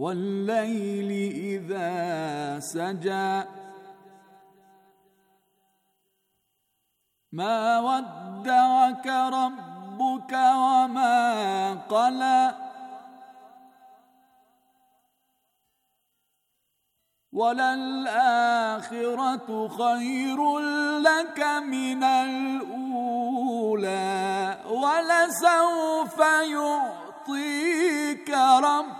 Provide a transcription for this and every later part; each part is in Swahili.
والليل إذا سجى ما ودعك ربك وما قلى وللآخرة خير لك من الأولى ولسوف يعطيك ربك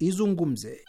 izungumze.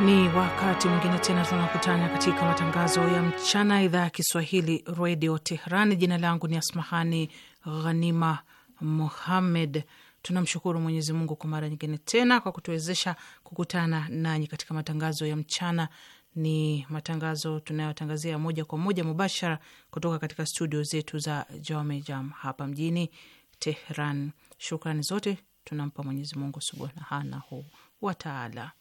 Ni wakati mwingine tena tunakutana katika matangazo ya mchana, idhaa ya Kiswahili redio Teherani. Jina langu ni Asmahani Ghanima Muhammed. Tunamshukuru Mwenyezi Mungu kwa mara nyingine tena kwa kutuwezesha kukutana nanyi katika matangazo ya mchana. Ni matangazo tunayotangazia moja kwa moja mubashara kutoka katika studio zetu za Jamejam hapa mjini Tehran. Shukrani zote tunampa Mwenyezi Mungu subhanahu wataala.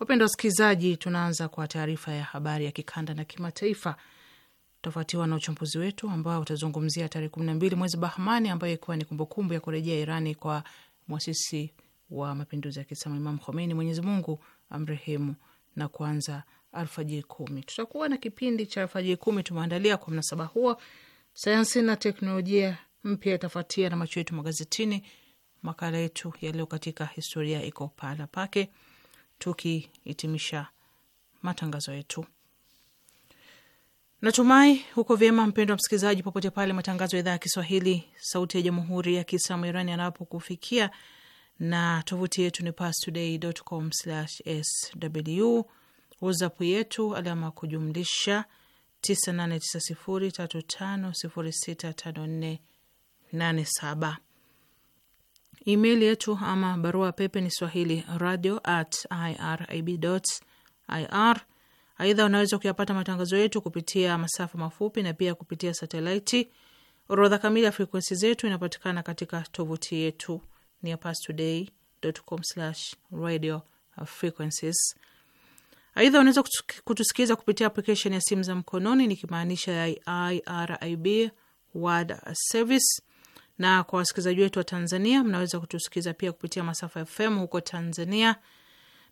Wapenda wasikilizaji, tunaanza kwa taarifa ya habari ya kikanda na kimataifa utafuatiwa na uchambuzi wetu ambao utazungumzia tarehe kumi na mbili mwezi Bahmani, ambayo ikiwa ni kumbukumbu ya kurejea Irani kwa mwasisi wa mapinduzi ya Kiislamu Imam Khomeini, Mwenyezi Mungu amrehemu, na kuanza alfajiri kumi. Tutakuwa na kipindi cha alfajiri kumi tumeandalia kwa mnasaba huo. Sayansi na teknolojia mpya itafuatia na macho yetu magazetini. Makala yetu yaliyo katika historia iko pahala pake, tukihitimisha matangazo yetu Natumai huko vyema, mpendo wa msikilizaji, popote pale matangazo ya idhaa ya Kiswahili sauti ya jamhuri ya kiislamu Irani yanapokufikia, na tovuti yetu ni pastoday.com/sw, whatsapp yetu alama kujumlisha 989035065487, email yetu ama barua pepe ni swahili radio at irib.ir Aidha, unaweza kuyapata matangazo yetu kupitia masafa mafupi na pia kupitia satelaiti. Orodha kamili ya frekuensi zetu inapatikana katika tovuti yetu ni Aidha, unaweza kutusikiliza kupitia aplikeshen ya simu za mkononi nikimaanisha ya IRIB World Service, na kwa wasikilizaji wetu wa Tanzania mnaweza kutusikiliza pia kupitia masafa FM huko Tanzania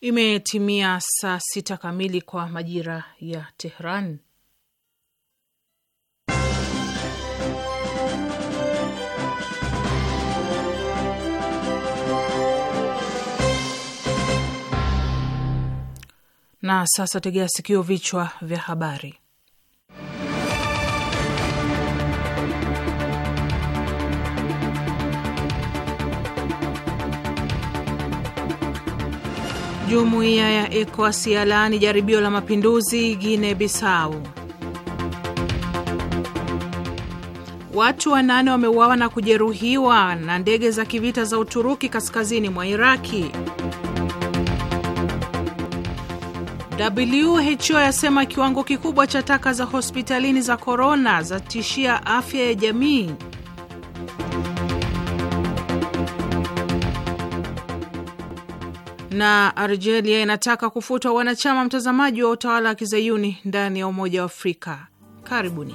Imetimia saa sita kamili kwa majira ya Tehran. Na sasa tegea sikio, vichwa vya habari. Jumuiya ya ECOWAS yalaani jaribio la mapinduzi guine bisau Watu wanane wameuawa na kujeruhiwa na ndege za kivita za Uturuki kaskazini mwa Iraki. WHO yasema kiwango kikubwa cha taka za hospitalini za korona zatishia afya ya jamii. na Algeria inataka kufutwa wanachama mtazamaji wa utawala wa kizayuni ndani ya Umoja wa Afrika. Karibuni.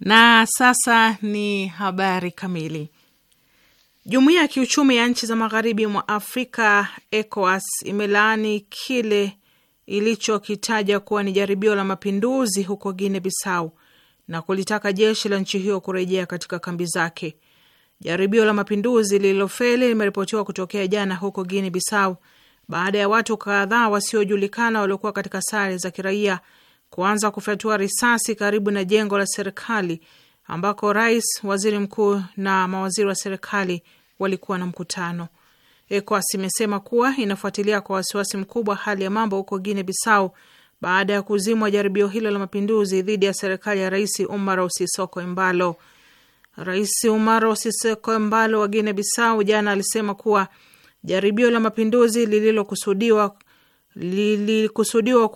Na sasa ni habari kamili. Jumuiya ya kiuchumi ya nchi za magharibi mwa Afrika, ECOWAS, imelaani kile ilichokitaja kuwa ni jaribio la mapinduzi huko Guinea Bissau na kulitaka jeshi la nchi hiyo kurejea katika kambi zake. Jaribio la mapinduzi lililofeli limeripotiwa kutokea jana huko Guini bisau baada ya watu kadhaa wasiojulikana waliokuwa katika sare za kiraia kuanza kufyatua risasi karibu na jengo la serikali ambako rais, waziri mkuu na mawaziri wa serikali walikuwa na mkutano. ECOWAS imesema kuwa inafuatilia kwa wasiwasi mkubwa hali ya mambo huko Guine bisau baada ya kuzimwa jaribio hilo la mapinduzi dhidi ya serikali ya Rais Umaro Sisoko Embalo. Rais Umaro Siseko Mbalo wa Guinea Bissau jana alisema kuwa jaribio la mapinduzi lililokusudiwa lililokusudiwa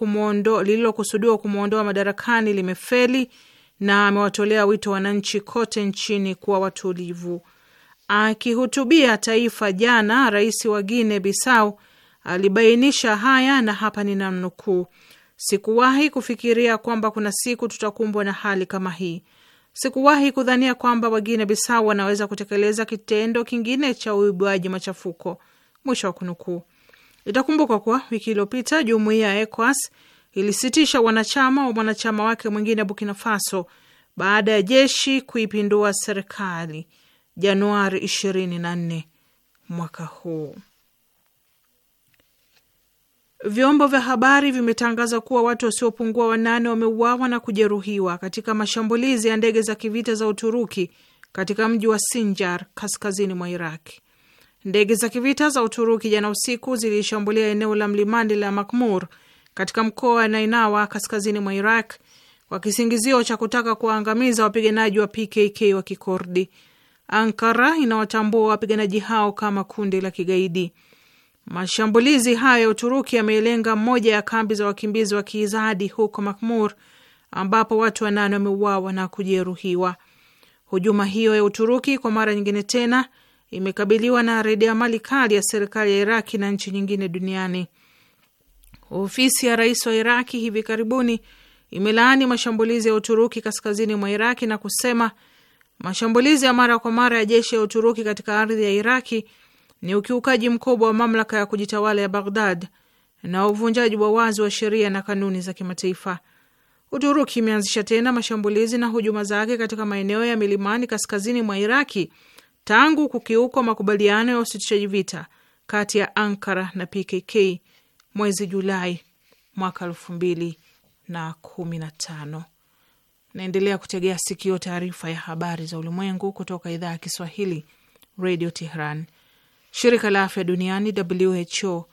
kumwondoa madarakani limefeli na amewatolea wito wananchi kote nchini kuwa watulivu. Akihutubia taifa jana, rais wa Guine Bissau alibainisha haya na hapa ninamnukuu: sikuwahi kufikiria kwamba kuna siku tutakumbwa na hali kama hii. Sikuwahi kudhania kwamba Wagine Bisau wanaweza kutekeleza kitendo kingine cha uibwaji machafuko. Mwisho wa kunukuu. Itakumbukwa kuwa wiki iliyopita jumuiya ya ECOWAS ilisitisha wanachama wa mwanachama wake mwingine Burkina Faso baada ya jeshi kuipindua serikali Januari 24 mwaka huu. Vyombo vya habari vimetangaza kuwa watu wasiopungua wanane wameuawa na kujeruhiwa katika mashambulizi ya ndege za kivita za Uturuki katika mji wa Sinjar kaskazini mwa Iraq. Ndege za kivita za Uturuki jana usiku zilishambulia eneo la mlimani la Makmur katika mkoa wa Nainawa kaskazini mwa Iraq kwa kisingizio cha kutaka kuwaangamiza wapiganaji wa PKK wa Kikurdi. Ankara inawatambua wapiganaji hao kama kundi la kigaidi. Mashambulizi hayo ya Uturuki yamelenga moja ya kambi za wakimbizi wa kiizadi huko Makmur, ambapo watu wanane wameuawa na kujeruhiwa. Hujuma hiyo ya Uturuki kwa mara nyingine tena imekabiliwa na mali kali ya serikali ya Iraki na nchi nyingine duniani. Ofisi ya rais wa Iraki hivi karibuni imelaani mashambulizi ya Uturuki kaskazini mwa Iraki na kusema mashambulizi ya mara kwa mara ya jeshi ya Uturuki katika ardhi ya Iraki ni ukiukaji mkubwa wa mamlaka ya kujitawala ya Baghdad na uvunjaji wa wazi wa sheria na kanuni za kimataifa. Uturuki imeanzisha tena mashambulizi na hujuma zake katika maeneo ya milimani kaskazini mwa Iraki tangu kukiukwa makubaliano ya usitishaji vita kati ya Ankara na PKK mwezi Julai mwaka elfu mbili na kumi na tano. Naendelea kutegea sikio taarifa ya habari za ulimwengu kutoka idhaa ya Kiswahili, Radio Tehran. Shirika la afya duniani WHO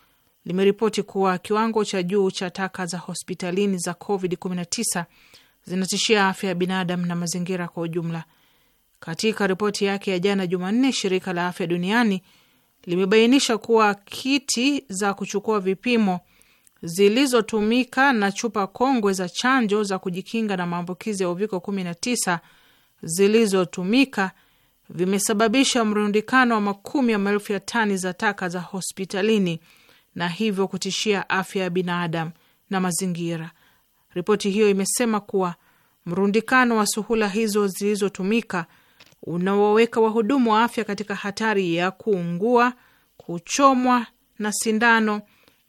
limeripoti kuwa kiwango cha juu cha taka za hospitalini za COVID-19 zinatishia afya ya binadamu na mazingira kwa ujumla. Katika ripoti yake ya jana Jumanne, shirika la afya duniani limebainisha kuwa kiti za kuchukua vipimo zilizotumika na chupa kongwe za chanjo za kujikinga na maambukizi ya uviko 19 zilizotumika vimesababisha mrundikano wa makumi ya maelfu ya tani za taka za hospitalini na hivyo kutishia afya ya binadamu na mazingira. Ripoti hiyo imesema kuwa mrundikano wa suhula hizo zilizotumika unawaweka wahudumu wa afya katika hatari ya kuungua, kuchomwa na sindano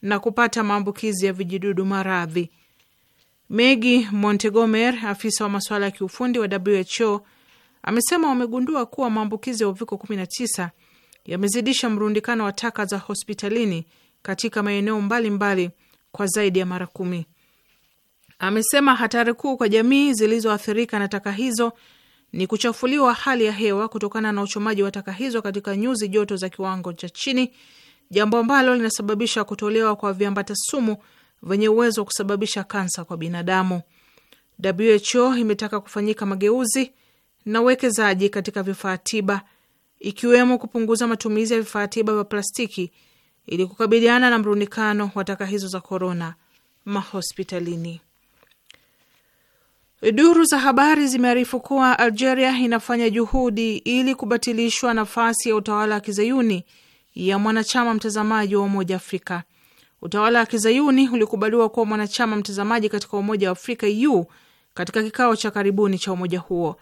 na kupata maambukizi ya vijidudu maradhi. Megi Montegomer, afisa wa masuala ya kiufundi wa WHO amesema wamegundua kuwa maambukizi ya uviko 19 yamezidisha mrundikano wa taka za hospitalini katika maeneo mbalimbali kwa zaidi ya mara kumi. Amesema hatari kuu kwa jamii zilizoathirika na taka hizo ni kuchafuliwa hali ya hewa kutokana na uchomaji wa taka hizo katika nyuzi joto za kiwango cha chini, jambo ambalo linasababisha kutolewa kwa viambata sumu vyenye uwezo wa kusababisha kansa kwa binadamu. WHO imetaka kufanyika mageuzi na uwekezaji katika vifaa tiba, ikiwemo kupunguza matumizi ya vifaa tiba vya plastiki ili kukabiliana na mrundikano wa taka hizo za korona mahospitalini. Duru za habari zimearifu kuwa Algeria inafanya juhudi ili kubatilishwa nafasi ya utawala wa kizayuni ya mwanachama mtazamaji wa Umoja Afrika. Utawala wa kizayuni ulikubaliwa kuwa mwanachama mtazamaji katika Umoja wa Afrika e u katika kikao cha karibuni cha umoja huo.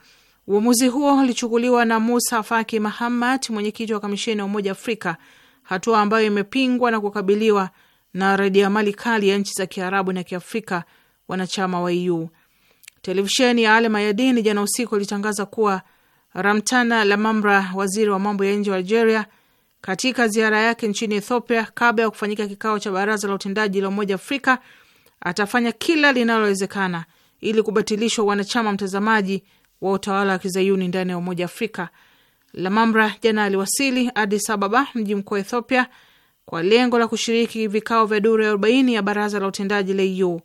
Uamuzi huo ulichukuliwa na Musa Faki Mahamat, mwenyekiti wa kamisheni ya Umoja Afrika, hatua ambayo imepingwa na kukabiliwa na radiamali kali ya nchi za Kiarabu na Kiafrika wanachama wa EU. Televisheni ya Al Mayadin jana usiku ilitangaza kuwa Ramtana Lamamra, waziri wa mambo ya nje wa Algeria, katika ziara yake nchini Ethiopia kabla ya kufanyika kikao cha baraza la utendaji la Umoja Afrika, atafanya kila linalowezekana ili kubatilishwa wanachama mtazamaji wa utawala wa kizayuni ndani ya Umoja wa Afrika. Lamamra jana aliwasili Adis Ababa, mji mkuu wa Ethiopia, kwa lengo la kushiriki vikao vya duru ya 40 ya baraza la utendaji la EU.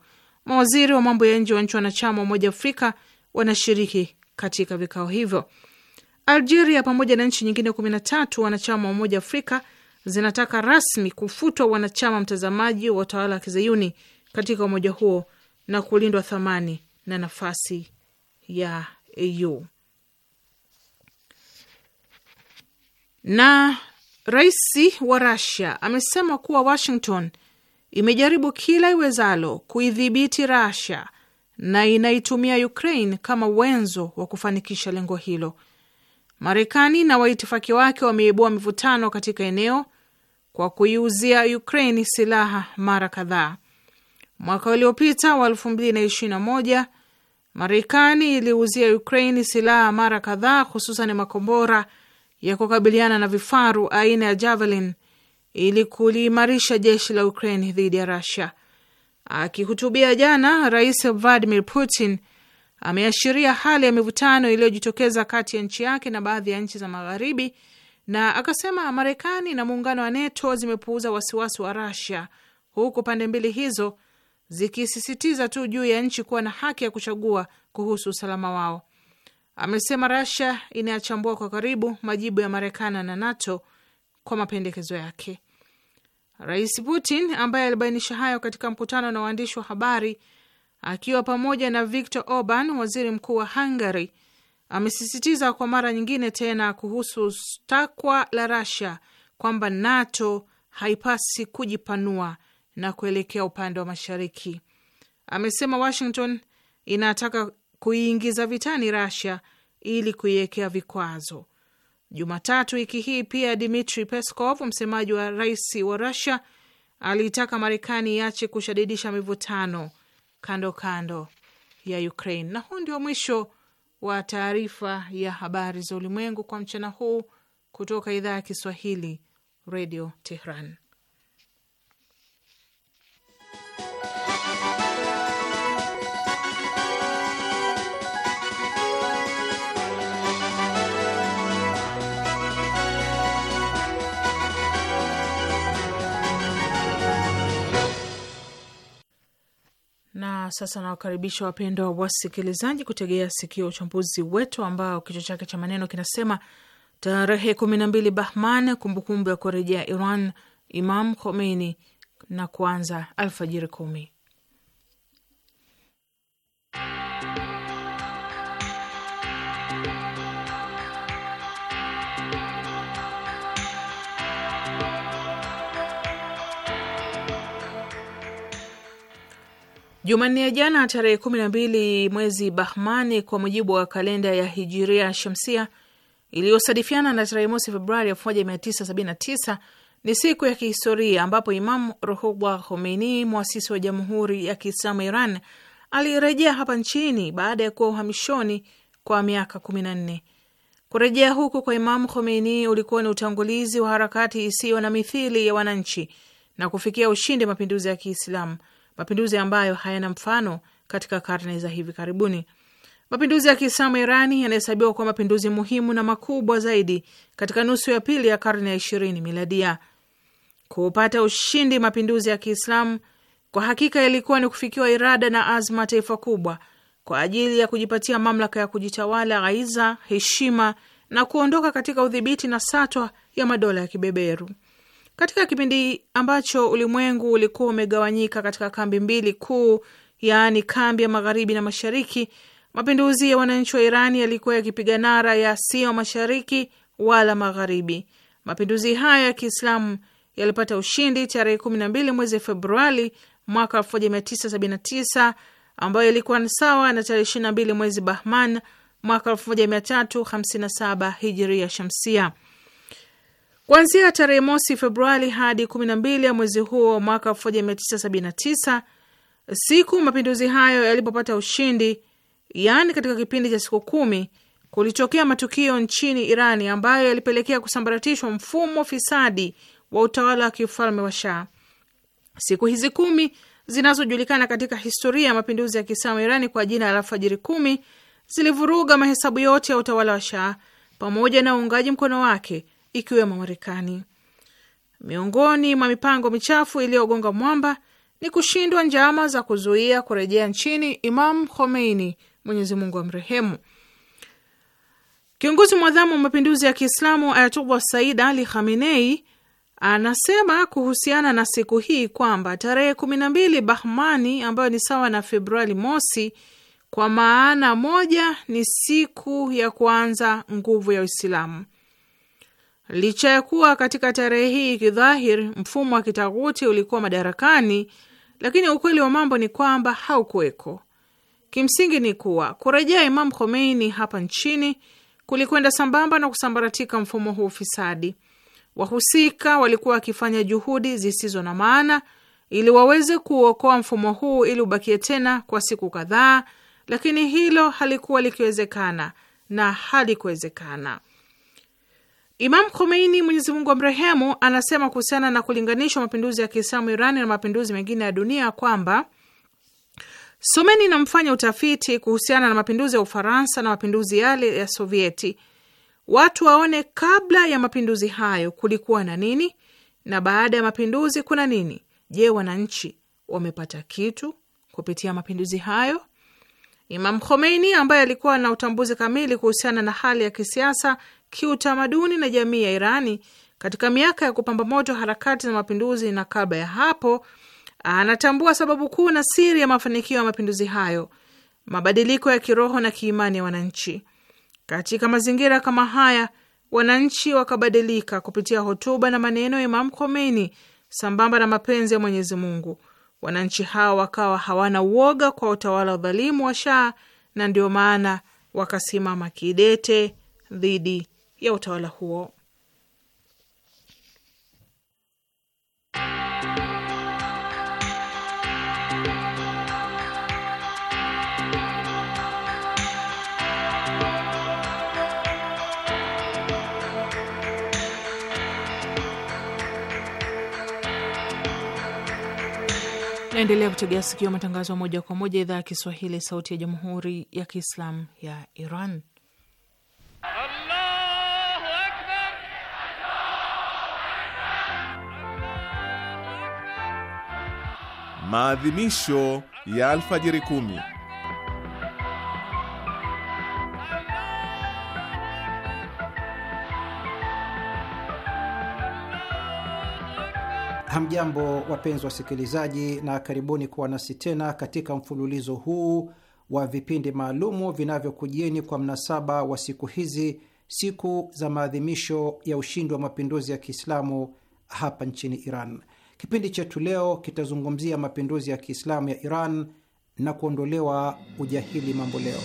Mawaziri wa mambo ya nje wa nchi wanachama wa Umoja Afrika wanashiriki katika vikao hivyo. Algeria pamoja na nchi nyingine 13 wanachama wa Umoja Afrika zinataka rasmi kufutwa wanachama mtazamaji wa utawala wa kizayuni katika umoja huo na kulindwa thamani na nafasi ya au. Na rais wa Rasia amesema kuwa Washington imejaribu kila iwezalo kuidhibiti Rasia na inaitumia Ukraine kama wenzo wa kufanikisha lengo hilo. Marekani na waitifaki wake wameibua mivutano katika eneo kwa kuiuzia Ukraine silaha mara kadhaa. Mwaka uliopita wa 2021 Marekani iliuzia Ukraini silaha mara kadhaa, hususan makombora ya kukabiliana na vifaru aina ya Javelin ili kuliimarisha jeshi la Ukraini dhidi ya Rusia. Akihutubia jana, Rais Vladimir Putin ameashiria hali ya mivutano iliyojitokeza kati ya nchi yake na baadhi ya nchi za Magharibi, na akasema Marekani na muungano wa NATO zimepuuza wasiwasi wa Rusia, huku pande mbili hizo zikisisitiza tu juu ya nchi kuwa na haki ya kuchagua kuhusu usalama wao. Amesema Russia inayachambua kwa karibu majibu ya Marekani na NATO kwa mapendekezo yake. Rais Putin ambaye alibainisha hayo katika mkutano na waandishi wa habari akiwa pamoja na Viktor Orban, waziri mkuu wa Hungary, amesisitiza kwa mara nyingine tena kuhusu takwa la Russia kwamba NATO haipasi kujipanua na kuelekea upande wa mashariki. Amesema Washington inataka kuiingiza vitani Russia ili kuiwekea vikwazo. Jumatatu wiki hii pia Dmitri Peskov, msemaji wa rais wa Russia, aliitaka Marekani iache kushadidisha mivutano kando kando ya Ukraine. Na huu ndio mwisho wa taarifa ya habari za ulimwengu kwa mchana huu kutoka idhaa ya Kiswahili, Radio Tehran. Na sasa nawakaribisha wapendwa wasikilizaji kutegea sikio uchambuzi wetu ambao kichwa chake cha maneno kinasema tarehe kumi na mbili Bahman, kumbukumbu ya kurejea Iran Imam Khomeini na kuanza alfajiri kumi. Jumanne ya jana tarehe kumi na mbili mwezi Bahmani kwa mujibu wa kalenda ya Hijiria Shamsia iliyosadifiana na tarehe mosi Februari 1979 ni siku ya kihistoria ambapo Imam Ruhullah Khomeini, mwasisi wa Jamhuri ya Kiislamu Iran, alirejea hapa nchini baada ya kuwa uhamishoni kwa miaka kumi na nne. Kurejea huku kwa Imamu Khomeini ulikuwa ni utangulizi wa harakati isiyo na mithili ya wananchi na kufikia ushindi mapinduzi ya Kiislamu, mapinduzi ambayo hayana mfano katika karne za hivi karibuni. Mapinduzi ya Kiislamu Irani yanahesabiwa kuwa mapinduzi muhimu na makubwa zaidi katika nusu ya pili ya karne ya ishirini miladia. Kupata ushindi mapinduzi ya Kiislamu kwa hakika ilikuwa ni kufikiwa irada na azma taifa kubwa kwa ajili ya kujipatia mamlaka ya kujitawala, aiza, heshima na kuondoka katika udhibiti na satwa ya madola ya kibeberu. Katika kipindi ambacho ulimwengu ulikuwa umegawanyika katika kambi mbili kuu, yaani kambi ya magharibi na mashariki, Mapinduzi ya wananchi wa Iran yalikuwa yakipiga nara ya sio mashariki wala magharibi. Mapinduzi hayo ya Kiislamu yalipata ushindi tarehe 12 mwezi Februari mwaka 1979 ambayo ilikuwa ni sawa na tarehe 22 mwezi Bahman mwaka 1357 hijiria shamsia. Kuanzia tarehe mosi Februari hadi 12 ya mwezi huo mwaka 1979, siku mapinduzi hayo yalipopata ushindi, yaani katika kipindi cha siku kumi kulitokea matukio nchini Irani ambayo yalipelekea kusambaratishwa mfumo fisadi wa utawala wa kiufalme wa Shah. Siku hizi kumi zinazojulikana katika historia ya mapinduzi ya Kiislamu Irani kwa jina la Alfajiri kumi zilivuruga mahesabu yote ya utawala wa Shah pamoja na uungaji mkono wake, ikiwemo Marekani. Miongoni mwa mipango michafu iliyogonga mwamba ni kushindwa njama za kuzuia kurejea nchini Imam Khomeini Mwenyezi Mungu amrehemu. Kiongozi mwadhamu wa mapinduzi ya Kiislamu Ayatullah Said Ali Khamenei anasema kuhusiana na siku hii kwamba tarehe kumi na mbili Bahmani ambayo ni sawa na Februari mosi, kwa maana moja ni siku ya kuanza nguvu ya Uislamu, licha ya kuwa katika tarehe hii kidhahir mfumo wa kitaguti ulikuwa madarakani, lakini ukweli wa mambo ni kwamba haukuweko Kimsingi ni kuwa kurejea Imam Khomeini hapa nchini kulikwenda sambamba na kusambaratika mfumo huu ufisadi. Wahusika walikuwa wakifanya juhudi zisizo na maana ili waweze kuokoa mfumo huu ili ubakie tena kwa siku kadhaa, lakini hilo halikuwa likiwezekana na halikuwezekana. Imam Khomeini, Mwenyezi Mungu amrehemu, anasema kuhusiana na kulinganishwa mapinduzi ya Kiislamu Irani na mapinduzi mengine ya dunia kwamba Someni namfanya utafiti kuhusiana na mapinduzi ya Ufaransa na mapinduzi yale ya Sovieti, watu waone kabla ya mapinduzi hayo kulikuwa na nini na baada ya mapinduzi kuna nini. Je, wananchi wamepata kitu kupitia mapinduzi hayo? Imam Khomeini ambaye alikuwa na utambuzi kamili kuhusiana na hali ya kisiasa, kiutamaduni na jamii ya Irani katika miaka ya kupamba moto harakati za mapinduzi na kabla ya hapo anatambua sababu kuu na siri ya mafanikio ya mapinduzi hayo, mabadiliko ya kiroho na kiimani ya wananchi. Katika mazingira kama haya, wananchi wakabadilika kupitia hotuba na maneno ya Imam Khomeini sambamba na mapenzi ya Mwenyezi Mungu. Wananchi hawo wakawa hawana uoga kwa utawala wa dhalimu wa Shaa, na ndio maana wakasimama kidete dhidi ya utawala huo. Naendelea kutegea sikio matangazo moja kwa moja idhaa ya Kiswahili, sauti ya jamhuri ya kiislamu ya Iran. Maadhimisho ya alfajiri kumi Hamjambo, wapenzi wasikilizaji, na karibuni kuwa nasi tena katika mfululizo huu wa vipindi maalumu vinavyokujieni kwa mnasaba wa siku hizi, siku za maadhimisho ya ushindi wa mapinduzi ya Kiislamu hapa nchini Iran. Kipindi chetu leo kitazungumzia mapinduzi ya Kiislamu ya Iran na kuondolewa ujahili mambo leo.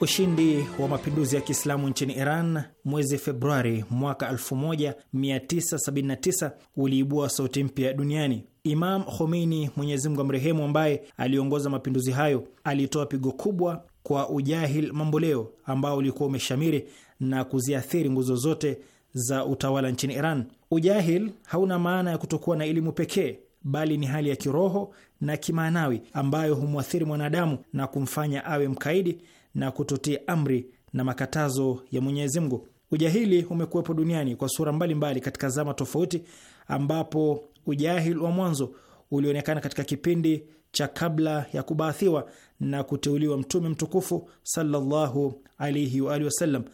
Ushindi wa mapinduzi ya Kiislamu nchini Iran mwezi Februari mwaka 1979 uliibua sauti mpya duniani. Imam Khomeini, Mwenyezi Mungu amrehemu, ambaye aliongoza mapinduzi hayo, alitoa pigo kubwa kwa ujahil mamboleo ambao ulikuwa umeshamiri na kuziathiri nguzo zote za utawala nchini Iran. Ujahil hauna maana ya kutokuwa na elimu pekee, bali ni hali ya kiroho na kimaanawi ambayo humwathiri mwanadamu na kumfanya awe mkaidi na kutotii amri na makatazo ya Mwenyezi Mungu. Ujahili umekuwepo duniani kwa sura mbalimbali mbali katika zama tofauti, ambapo ujahili wa mwanzo ulionekana katika kipindi cha kabla ya kubaathiwa na kuteuliwa Mtume mtukufu sallallahu alaihi wasallam.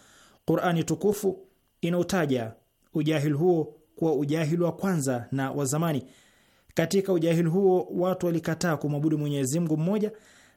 Qurani tukufu inautaja ujahili huo kuwa ujahili wa kwanza na wa zamani. Katika ujahili huo watu walikataa kumwabudu Mwenyezi Mungu mmoja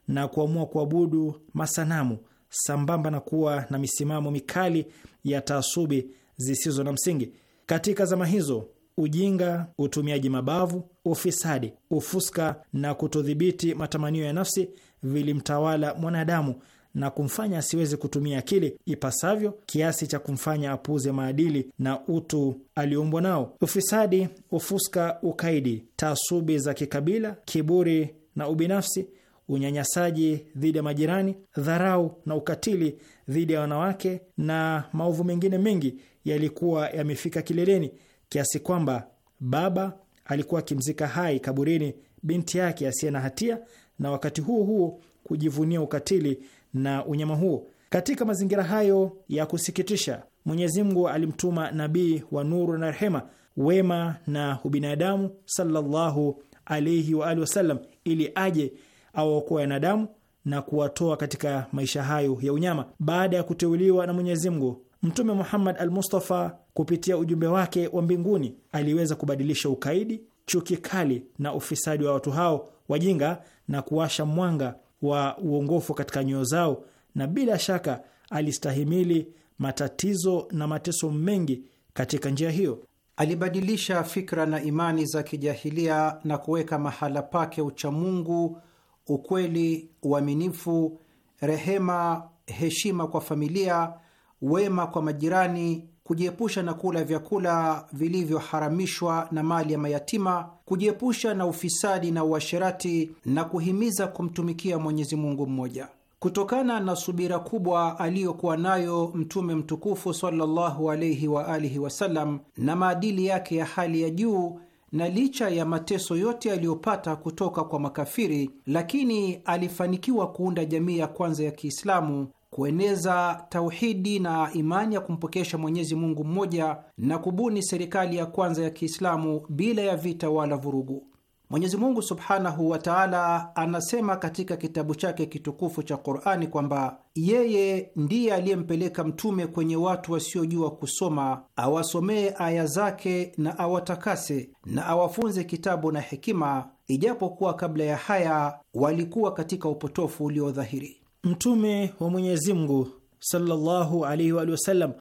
na kuamua kuabudu masanamu sambamba na kuwa na misimamo mikali ya taasubi zisizo na msingi. Katika zama hizo, ujinga, utumiaji mabavu, ufisadi, ufuska na kutodhibiti matamanio ya nafsi vilimtawala mwanadamu na kumfanya asiweze kutumia akili ipasavyo kiasi cha kumfanya apuze maadili na utu aliumbwa nao. Ufisadi, ufuska, ukaidi, taasubi za kikabila, kiburi na ubinafsi unyanyasaji dhidi ya majirani, dharau na ukatili dhidi ya wanawake na maovu mengine mengi yalikuwa yamefika kileleni kiasi kwamba baba alikuwa akimzika hai kaburini binti yake asiye na hatia na wakati huo huo kujivunia ukatili na unyama huo. Katika mazingira hayo ya kusikitisha, Mwenyezi Mungu alimtuma nabii wa nuru na rehema, wema na ubinadamu, sallallahu alaihi wa alihi wasallam, ili aje awaokoe wanadamu na kuwatoa katika maisha hayo ya unyama. Baada ya kuteuliwa na Mwenyezi Mungu, Mtume Muhammad al-Mustafa kupitia ujumbe wake wa mbinguni aliweza kubadilisha ukaidi, chuki kali na ufisadi wa watu hao wajinga na kuwasha mwanga wa uongofu katika nyoyo zao, na bila shaka alistahimili matatizo na mateso mengi katika njia hiyo. Alibadilisha fikra na imani za kijahilia na kuweka mahala pake uchamungu ukweli, uaminifu, rehema, heshima kwa familia, wema kwa majirani, kujiepusha na kula vyakula vilivyoharamishwa na mali ya mayatima, kujiepusha na ufisadi na uasherati na kuhimiza kumtumikia Mwenyezi Mungu mmoja. Kutokana na subira kubwa aliyokuwa nayo Mtume mtukufu sallallahu alaihi wa alihi wasallam na maadili yake ya hali ya juu na licha ya mateso yote aliyopata kutoka kwa makafiri, lakini alifanikiwa kuunda jamii ya kwanza ya Kiislamu, kueneza tauhidi na imani ya kumpokesha Mwenyezi Mungu mmoja na kubuni serikali ya kwanza ya Kiislamu bila ya vita wala vurugu. Mwenyezi Mungu subhanahu wa taala anasema katika kitabu chake kitukufu cha Qurani kwamba yeye ndiye aliyempeleka mtume kwenye watu wasiojua kusoma, awasomee aya zake na awatakase na awafunze kitabu na hekima, ijapokuwa kabla ya haya walikuwa katika upotofu uliodhahiri. Mtume wa Mwenyezi Mungu sallallahu alaihi wa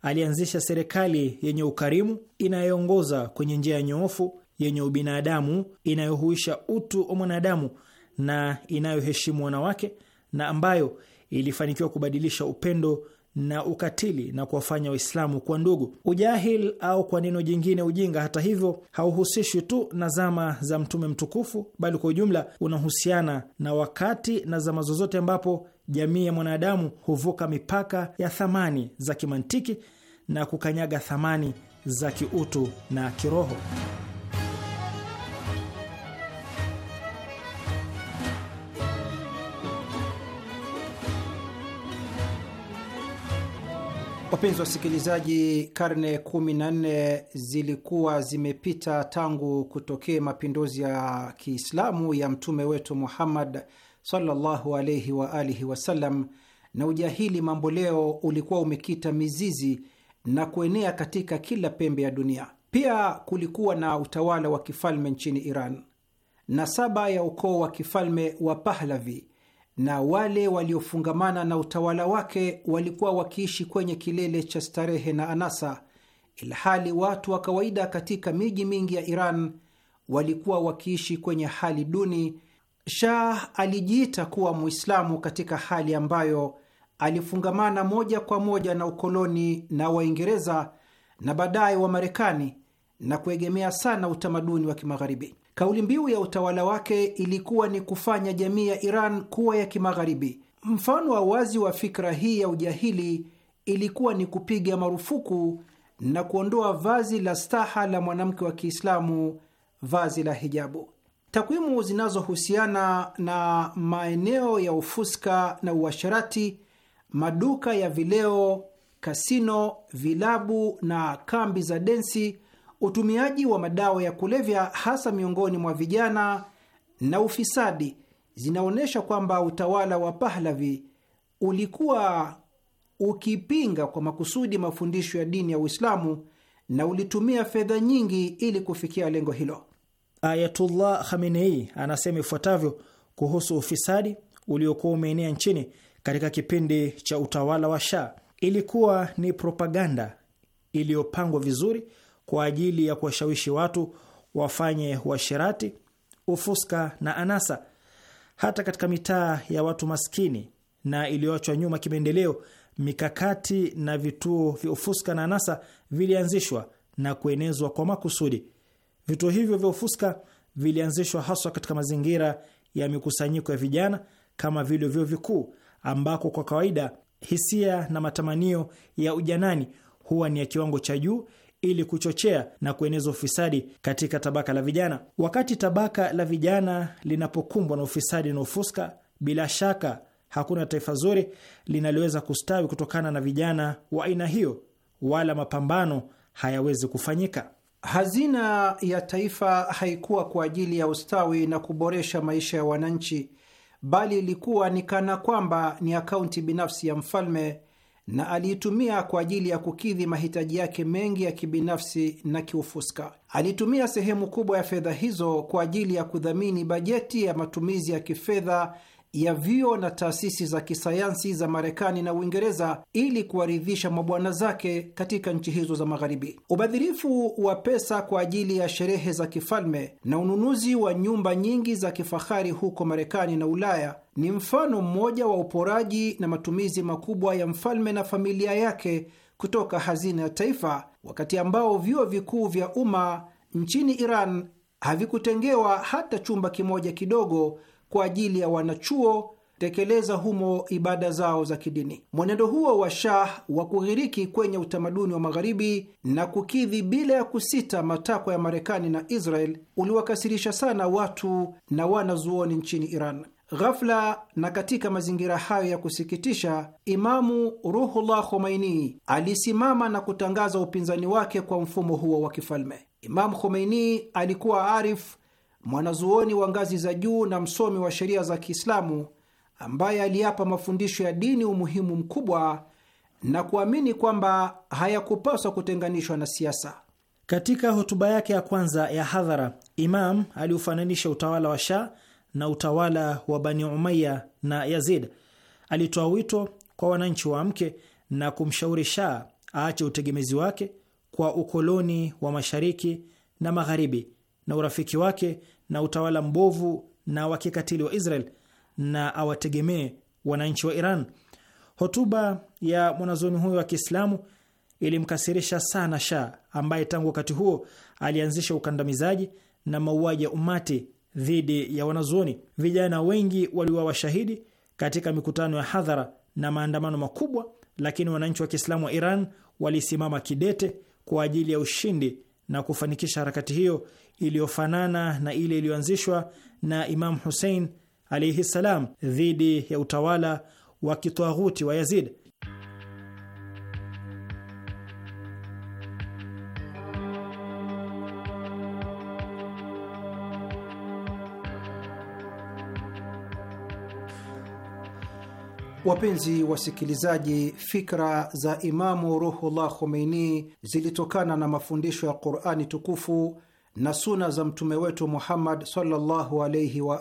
alianzisha serikali yenye ukarimu inayoongoza kwenye njia ya nyoofu yenye ubinadamu inayohuisha utu wa mwanadamu na inayoheshimu wanawake na ambayo ilifanikiwa kubadilisha upendo na ukatili na kuwafanya Waislamu kwa ndugu. Ujahil au kwa neno jingine ujinga, hata hivyo, hauhusishwi tu na zama za Mtume mtukufu, bali kwa ujumla unahusiana na wakati na zama zozote ambapo jamii ya mwanadamu huvuka mipaka ya thamani za kimantiki na kukanyaga thamani za kiutu na kiroho. Wapenzi wasikilizaji, karne 14 zilikuwa zimepita tangu kutokea mapinduzi ya Kiislamu ya mtume wetu Muhammad sallallahu wa alihi wasallam, na ujahili mambo leo ulikuwa umekita mizizi na kuenea katika kila pembe ya dunia. Pia kulikuwa na utawala wa kifalme nchini Iran. Nasaba ya ukoo wa kifalme wa Pahlavi na wale waliofungamana na utawala wake walikuwa wakiishi kwenye kilele cha starehe na anasa, ilhali watu wa kawaida katika miji mingi ya Iran walikuwa wakiishi kwenye hali duni. Shah alijiita kuwa Muislamu katika hali ambayo alifungamana moja kwa moja na ukoloni na Waingereza na baadaye Wamarekani na kuegemea sana utamaduni wa Kimagharibi. Kauli mbiu ya utawala wake ilikuwa ni kufanya jamii ya Iran kuwa ya kimagharibi. Mfano wa wazi wa fikra hii ya ujahili ilikuwa ni kupiga marufuku na kuondoa vazi la staha la mwanamke wa Kiislamu, vazi la hijabu. Takwimu zinazohusiana na maeneo ya ufuska na uasharati, maduka ya vileo, kasino, vilabu na kambi za densi utumiaji wa madawa ya kulevya hasa miongoni mwa vijana na ufisadi zinaonyesha kwamba utawala wa Pahlavi ulikuwa ukipinga kwa makusudi mafundisho ya dini ya Uislamu na ulitumia fedha nyingi ili kufikia lengo hilo. Ayatullah Khamenei anasema ifuatavyo kuhusu ufisadi uliokuwa umeenea nchini katika kipindi cha utawala wa Shah: ilikuwa ni propaganda iliyopangwa vizuri kwa ajili ya kuwashawishi watu wafanye uasherati, ufuska na anasa. Hata katika mitaa ya watu maskini na iliyoachwa nyuma kimaendeleo, mikakati na vituo vya ufuska na anasa vilianzishwa na kuenezwa kwa makusudi. Vituo hivyo vya ufuska vilianzishwa haswa katika mazingira ya mikusanyiko ya vijana kama vile vyuo vikuu, ambako kwa kawaida hisia na matamanio ya ujanani huwa ni ya kiwango cha juu, ili kuchochea na kueneza ufisadi katika tabaka la vijana. Wakati tabaka la vijana linapokumbwa na ufisadi na ufuska, bila shaka hakuna taifa zuri linaloweza kustawi kutokana na vijana wa aina hiyo, wala mapambano hayawezi kufanyika. Hazina ya taifa haikuwa kwa ajili ya ustawi na kuboresha maisha ya wananchi, bali ilikuwa ni kana kwamba ni akaunti binafsi ya mfalme na aliitumia kwa ajili ya kukidhi mahitaji yake mengi ya kibinafsi na kiufuska. Alitumia sehemu kubwa ya fedha hizo kwa ajili ya kudhamini bajeti ya matumizi ya kifedha ya vyuo na taasisi za kisayansi za Marekani na Uingereza ili kuwaridhisha mabwana zake katika nchi hizo za Magharibi. Ubadhirifu wa pesa kwa ajili ya sherehe za kifalme na ununuzi wa nyumba nyingi za kifahari huko Marekani na Ulaya ni mfano mmoja wa uporaji na matumizi makubwa ya mfalme na familia yake kutoka hazina ya taifa, wakati ambao vyuo vikuu vya umma nchini Iran havikutengewa hata chumba kimoja kidogo kwa ajili ya wanachuo tekeleza humo ibada zao za kidini. Mwenendo huo wa Shah wa kughiriki kwenye utamaduni wa Magharibi na kukidhi bila ya kusita matakwa ya Marekani na Israel uliwakasirisha sana watu na wanazuoni nchini Iran. Ghafla na katika mazingira hayo ya kusikitisha, Imamu Ruhullah Khomeini alisimama na kutangaza upinzani wake kwa mfumo huo wa kifalme. Imamu Khomeini alikuwa arif mwanazuoni wa ngazi za juu na msomi wa sheria za Kiislamu ambaye aliapa mafundisho ya dini umuhimu mkubwa na kuamini kwamba hayakupaswa kutenganishwa na siasa. Katika hotuba yake ya kwanza ya hadhara, Imam aliufananisha utawala wa Shah na utawala wa Bani Umaya na Yazid. Alitoa wito kwa wananchi wa mke na kumshauri Shah aache utegemezi wake kwa ukoloni wa mashariki na magharibi na urafiki wake na utawala mbovu na wa kikatili wa Israel na awategemee wananchi wa Iran. Hotuba ya mwanazoni huyo wa Kiislamu ilimkasirisha sana Shah ambaye tangu wakati huo alianzisha ukandamizaji na mauaji ya umati dhidi ya wanazuoni. Vijana wengi waliuawa shahidi katika mikutano ya hadhara na maandamano makubwa, lakini wananchi wa Kiislamu wa Iran walisimama kidete kwa ajili ya ushindi na kufanikisha harakati hiyo iliyofanana na ile iliyoanzishwa na Imam Hussein alaihi ssalam dhidi ya utawala wa kitwaghuti wa Yazid. Wapenzi wasikilizaji, fikra za Imamu Ruhullah Khomeini zilitokana na mafundisho ya Qurani tukufu na suna za mtume wetu Muhammad sallallahu wa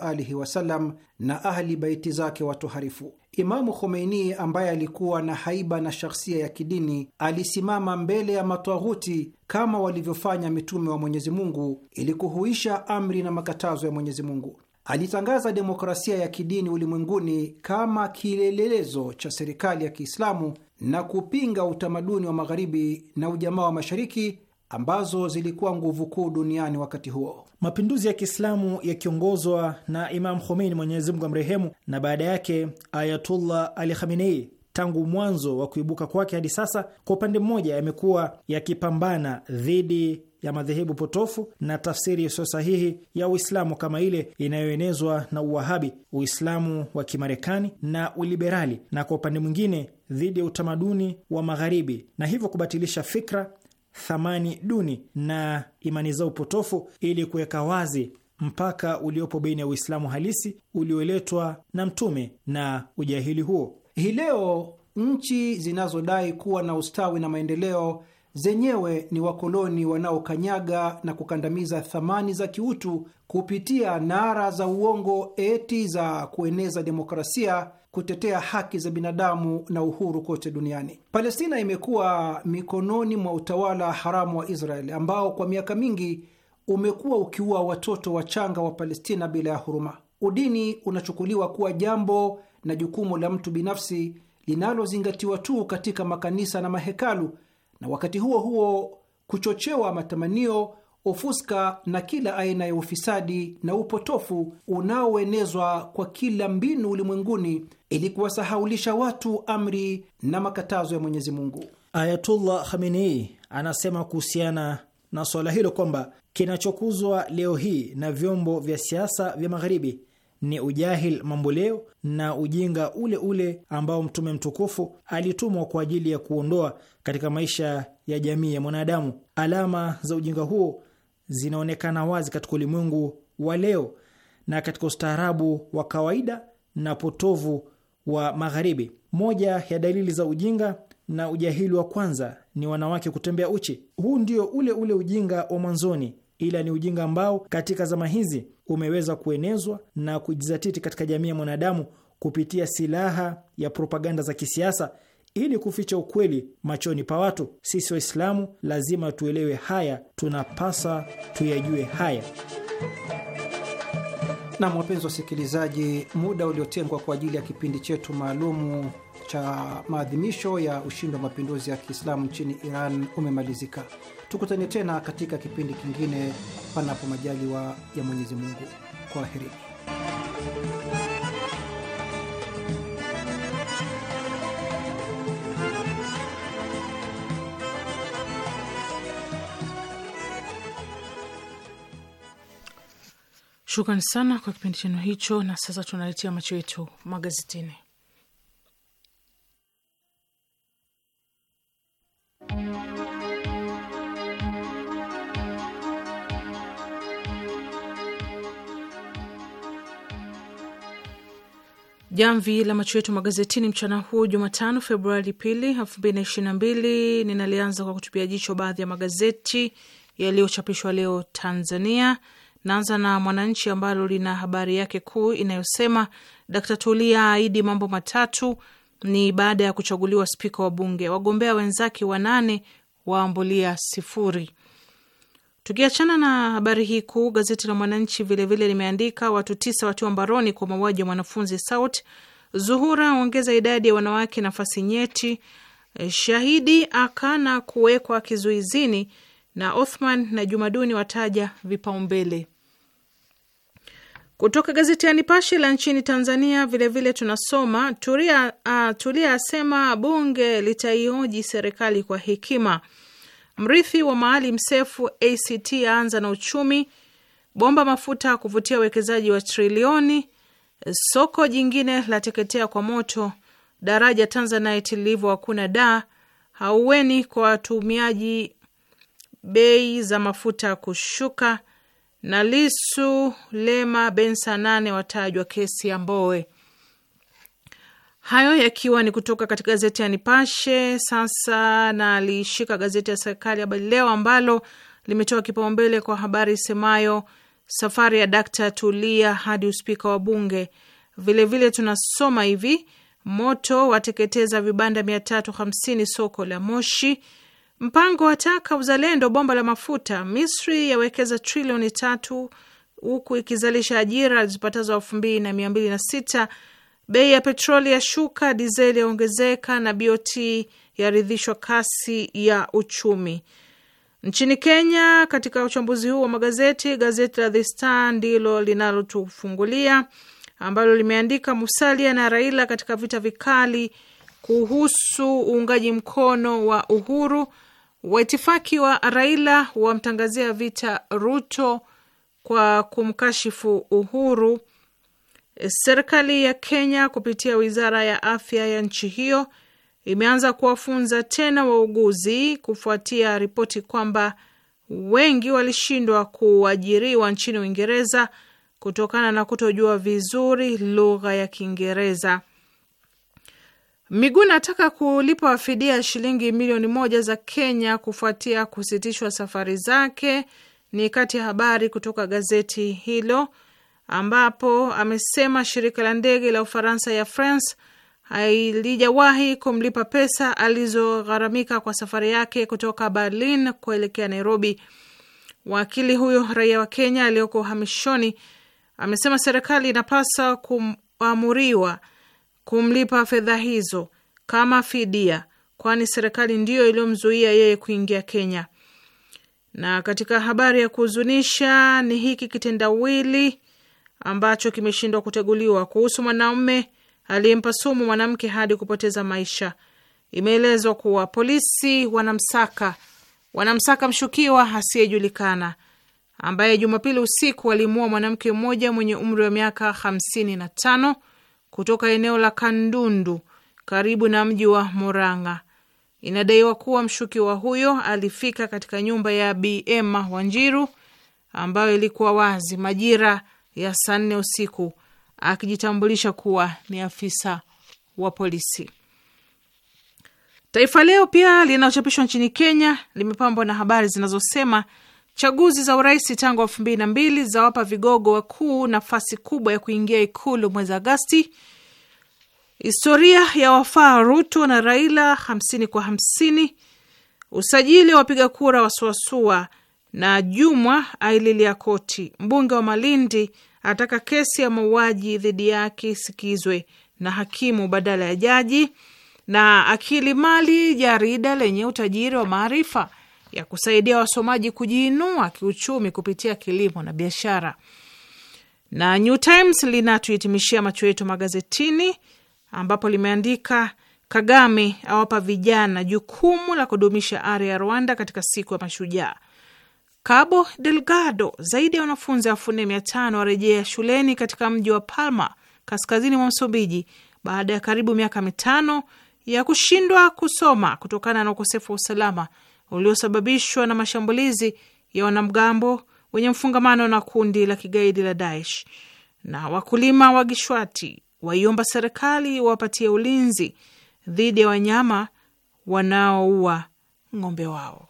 alihi wasallam na ahli baiti zake watoharifu. Imamu Khomeini ambaye alikuwa na haiba na shakhsia ya kidini alisimama mbele ya matwaghuti kama walivyofanya mitume wa Mwenyezi Mungu ili kuhuisha amri na makatazo ya Mwenyezi Mungu. Alitangaza demokrasia ya kidini ulimwenguni kama kielelezo cha serikali ya Kiislamu na kupinga utamaduni wa Magharibi na ujamaa wa Mashariki ambazo zilikuwa nguvu kuu duniani wakati huo. Mapinduzi ya Kiislamu yakiongozwa na Imam Khomeini, Mwenyezi Mungu amrehemu, na baada yake Ayatullah Ali Khamenei, tangu mwanzo wa kuibuka kwake hadi sasa, kwa upande mmoja yamekuwa yakipambana dhidi ya madhehebu potofu na tafsiri isiyo sahihi ya Uislamu kama ile inayoenezwa na Uwahabi, Uislamu wa Kimarekani na uliberali, na kwa upande mwingine dhidi ya utamaduni wa Magharibi na hivyo kubatilisha fikra thamani duni na imani zao potofu ili kuweka wazi mpaka uliopo baina ya Uislamu halisi ulioletwa na Mtume na ujahili huo. Hii leo nchi zinazodai kuwa na ustawi na maendeleo zenyewe ni wakoloni wanaokanyaga na kukandamiza thamani za kiutu kupitia nara za uongo eti za kueneza demokrasia kutetea haki za binadamu na uhuru kote duniani. Palestina imekuwa mikononi mwa utawala haramu wa israel ambao kwa miaka mingi umekuwa ukiua watoto wachanga wa Palestina bila ya huruma. Udini unachukuliwa kuwa jambo na jukumu la mtu binafsi linalozingatiwa tu katika makanisa na mahekalu, na wakati huo huo kuchochewa matamanio, ufuska na kila aina ya ufisadi na upotofu unaoenezwa kwa kila mbinu ulimwenguni ili kuwasahaulisha watu amri na makatazo ya Mwenyezi Mungu. Ayatullah Khamenei anasema kuhusiana na suala hilo kwamba kinachokuzwa leo hii na vyombo vya siasa vya Magharibi ni ujahil mamboleo na ujinga ule ule ambao Mtume mtukufu alitumwa kwa ajili ya kuondoa katika maisha ya jamii ya mwanadamu. Alama za ujinga huo zinaonekana wazi katika ulimwengu wa leo na katika ustaarabu wa kawaida na potovu wa Magharibi. Moja ya dalili za ujinga na ujahili wa kwanza ni wanawake kutembea uchi. Huu ndio ule ule ujinga wa mwanzoni, ila ni ujinga ambao katika zama hizi umeweza kuenezwa na kujizatiti katika jamii ya mwanadamu kupitia silaha ya propaganda za kisiasa ili kuficha ukweli machoni pa watu. Sisi Waislamu lazima tuelewe haya, tunapasa tuyajue haya. Nam, wapenzi wasikilizaji, muda uliotengwa kwa ajili ya kipindi chetu maalumu cha maadhimisho ya ushindi wa mapinduzi ya Kiislamu nchini Iran umemalizika. Tukutane tena katika kipindi kingine, panapo majaliwa ya Mwenyezi Mungu. Kwaherini. shukrani sana kwa kipindi chenu hicho, na sasa tunaletea macho yetu magazetini. Jamvi la macho yetu magazetini mchana huu Jumatano, Februari pili elfu mbili na ishirini na mbili ninalianza kwa kutupia jicho baadhi ya magazeti yaliyochapishwa leo Tanzania. Naanza na Mwananchi ambalo lina habari yake kuu inayosema Dkt Tulia aidi mambo matatu ni baada ya kuchaguliwa spika wa Bunge, wagombea wenzake wanane waambulia sifuri. Tukiachana na habari hii kuu, gazeti la Mwananchi vilevile limeandika watu tisa watiwa mbaroni kwa mauaji ya mwanafunzi SAUT. Zuhura ongeza idadi ya wanawake nafasi nyeti. Shahidi akana kuwekwa kizuizini, na Othman na Jumaduni wataja vipaumbele kutoka gazeti ya Nipashe la nchini Tanzania vilevile vile tunasoma Tulia, uh, ah, Tulia asema bunge litaioji serikali kwa hekima. Mrithi wa Maalim Seif ACT aanza na uchumi. Bomba mafuta kuvutia uwekezaji wa trilioni. Soko jingine lateketea kwa moto. Daraja Tanzanite lilivyo hakuna da. Haueni kwa watumiaji. Bei za mafuta kushuka na Lisu Lema Bensanane watajwa kesi ya Mbowe. Hayo yakiwa ni kutoka katika gazeti ya Nipashe. Sasa na alishika gazeti ya serikali Habari Leo ambalo limetoa kipaumbele kwa habari isemayo safari ya Dakta Tulia hadi uspika wa Bunge. Vilevile vile tunasoma hivi: moto wateketeza vibanda 350 soko la Moshi. Mpango wa taka uzalendo bomba la mafuta. Misri yawekeza trilioni tatu huku ikizalisha ajira zipatazo elfu mbili na mia mbili na sita. Bei ya petroli ya shuka, dizeli yaongezeka na BOT yaridhishwa kasi ya uchumi. Nchini Kenya, katika uchambuzi huu wa magazeti, gazeti la The Star ndilo linalotufungulia ambalo limeandika Musalia na Raila katika vita vikali kuhusu uungaji mkono wa Uhuru Waitifaki wa Raila wamtangazia vita Ruto kwa kumkashifu Uhuru. Serikali ya Kenya kupitia wizara ya afya ya nchi hiyo imeanza kuwafunza tena wauguzi kufuatia ripoti kwamba wengi walishindwa kuajiriwa nchini Uingereza kutokana na kutojua vizuri lugha ya Kiingereza. Miguna ataka kulipa wafidia shilingi milioni moja za Kenya kufuatia kusitishwa safari zake. Ni kati ya habari kutoka gazeti hilo, ambapo amesema shirika la ndege la Ufaransa ya France halijawahi kumlipa pesa alizogharamika kwa safari yake kutoka Berlin kuelekea Nairobi. Wakili huyo raia wa Kenya aliyoko uhamishoni amesema serikali inapasa kuamuriwa kumlipa fedha hizo kama fidia, kwani serikali ndiyo iliyomzuia yeye kuingia Kenya. Na katika habari ya kuhuzunisha ni hiki kitendawili ambacho kimeshindwa kuteguliwa kuhusu mwanaume aliyempa sumu mwanamke hadi kupoteza maisha. Imeelezwa kuwa polisi wanamsaka wanamsaka mshukiwa asiyejulikana ambaye Jumapili usiku alimuua mwanamke mmoja mwenye umri wa miaka hamsini na tano kutoka eneo la Kandundu karibu na mji wa Murang'a. Inadaiwa kuwa mshukiwa huyo alifika katika nyumba ya Bi Emma Wanjiru ambayo ilikuwa wazi majira ya saa nne usiku akijitambulisha kuwa ni afisa wa polisi. Taifa Leo pia linalochapishwa nchini Kenya limepambwa na habari zinazosema Chaguzi za urais tangu elfu mbili na mbili zawapa vigogo wakuu nafasi kubwa ya kuingia ikulu mwezi Agasti. Historia ya wafaa Ruto na Raila hamsini kwa hamsini. Usajili wa wapiga kura wasuasua na Jumwa aililia koti. Mbunge wa Malindi ataka kesi ya mauaji dhidi yake isikizwe na hakimu badala ya jaji. Na akili mali jarida lenye utajiri wa maarifa ya kusaidia wasomaji kujiinua kiuchumi kupitia kilimo na biashara. Na New Times linatuhitimishia macho yetu magazetini, ambapo limeandika Kagame awapa vijana jukumu la kudumisha ari ya Rwanda katika siku ya mashujaa. Cabo Delgado, zaidi ya wanafunzi elfu nne mia tano warejea shuleni katika mji wa Palma kaskazini mwa Msumbiji baada ya karibu miaka mitano ya kushindwa kusoma kutokana na ukosefu wa usalama uliosababishwa na mashambulizi ya wanamgambo wenye mfungamano na kundi la kigaidi la Daesh, na wakulima wa Gishwati waiomba serikali wawapatie ulinzi dhidi ya wanyama wanaoua ng'ombe wao.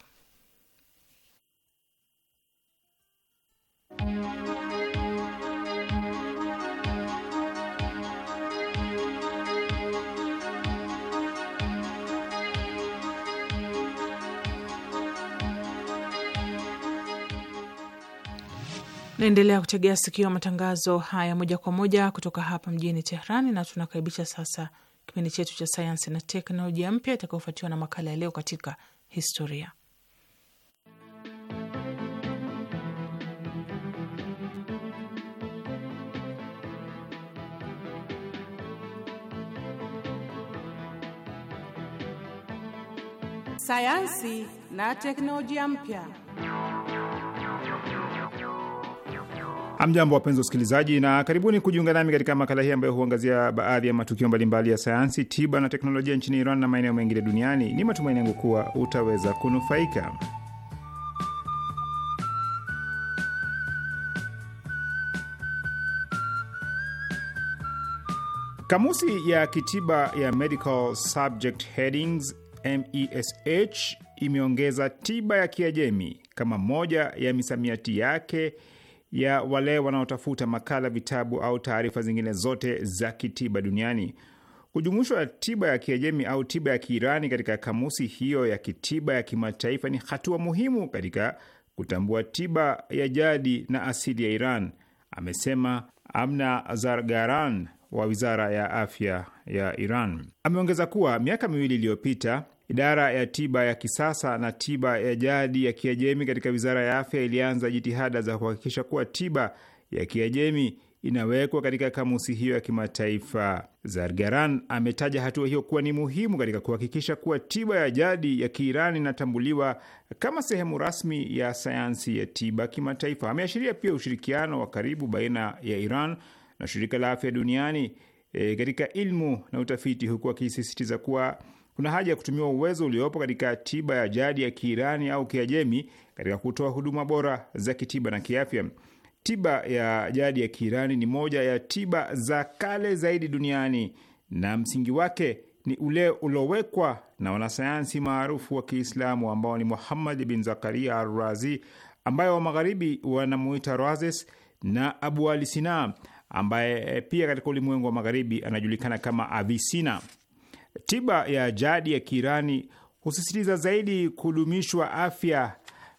Naendelea kutegea sikio matangazo haya moja kwa moja kutoka hapa mjini Teherani, na tunakaribisha sasa kipindi chetu cha sayansi na teknolojia mpya itakayofuatiwa na makala ya leo katika historia. Sayansi na teknolojia mpya. Hamjambo, wapenzi wasikilizaji, na karibuni kujiunga nami katika makala hii ambayo huangazia baadhi ya matukio mbalimbali ya sayansi, tiba na teknolojia nchini Iran na maeneo mengine duniani. Ni matumaini yangu kuwa utaweza kunufaika. Kamusi ya kitiba ya Medical Subject Headings MESH imeongeza tiba ya Kiajemi kama moja ya misamiati yake ya wale wanaotafuta makala, vitabu au taarifa zingine zote za kitiba duniani. Kujumuishwa tiba ya Kiajemi au tiba ya Kiirani katika kamusi hiyo ya kitiba ya kimataifa ni hatua muhimu katika kutambua tiba ya jadi na asili ya Iran, amesema Amna Zargaran wa wizara ya afya ya Iran. Ameongeza kuwa miaka miwili iliyopita Idara ya tiba ya kisasa na tiba ya jadi ya Kiajemi katika wizara ya afya ilianza jitihada za kuhakikisha kuwa tiba ya Kiajemi inawekwa katika kamusi hiyo ya kimataifa. Zargaran ametaja hatua hiyo kuwa ni muhimu katika kuhakikisha kuwa tiba ya jadi ya Kiirani inatambuliwa kama sehemu rasmi ya sayansi ya tiba kimataifa. Ameashiria pia ushirikiano wa karibu baina ya Iran na shirika la afya duniani e, katika ilmu na utafiti, huku akisisitiza kuwa kuna haja ya kutumia uwezo uliopo katika tiba ya jadi ya Kiirani au Kiajemi katika kutoa huduma bora za kitiba na kiafya. Tiba ya jadi ya Kiirani ni moja ya tiba za kale zaidi duniani na msingi wake ni ule ulowekwa na wanasayansi maarufu wa Kiislamu ambao ni Muhammad bin Zakaria Arrazi, ambaye wa Magharibi wanamuita Rhazes na Abu Ali Sina, ambaye pia katika ulimwengu wa Magharibi anajulikana kama Avicenna. Tiba ya jadi ya Kiirani husisitiza zaidi kudumishwa afya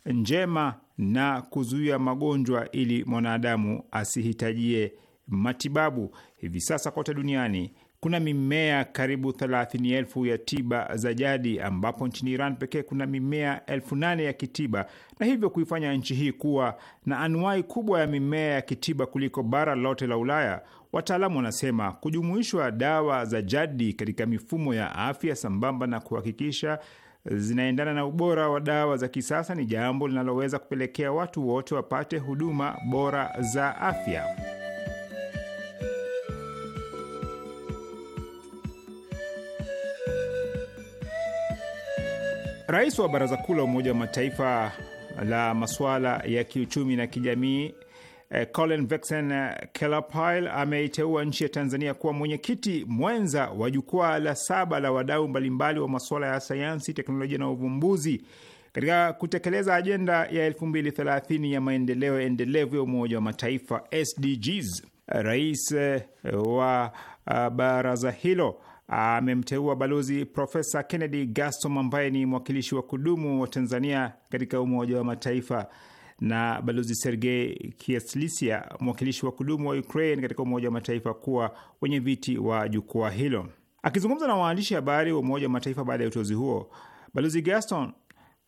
njema na kuzuia magonjwa ili mwanadamu asihitajie matibabu. Hivi sasa kote duniani kuna mimea karibu thelathini elfu ya tiba za jadi ambapo nchini Iran pekee kuna mimea elfu nane ya kitiba na hivyo kuifanya nchi hii kuwa na anuai kubwa ya mimea ya kitiba kuliko bara lote la Ulaya. Wataalamu wanasema kujumuishwa dawa za jadi katika mifumo ya afya sambamba na kuhakikisha zinaendana na ubora wa dawa za kisasa ni jambo linaloweza kupelekea watu wote wapate huduma bora za afya. Rais wa Baraza Kuu la Umoja wa Mataifa la masuala ya kiuchumi na kijamii Eh, Colin Vexen eh, Kelapile ameiteua nchi ya Tanzania kuwa mwenyekiti mwenza wa jukwaa la saba la wadau mbalimbali wa masuala ya sayansi, teknolojia na uvumbuzi katika kutekeleza ajenda ya 2030 ya maendeleo endelevu ya Umoja wa Mataifa, SDGs. Eh, Rais wa baraza hilo amemteua Balozi Profesa Kennedy Gaston ambaye ni mwakilishi wa kudumu wa Tanzania katika Umoja wa Mataifa na balozi Sergei Kieslisia, mwakilishi wa kudumu wa Ukraine katika Umoja wa Mataifa, kuwa wenye viti wa jukwaa hilo. Akizungumza na waandishi habari wa Umoja wa Mataifa baada ya uteuzi huo, balozi Gaston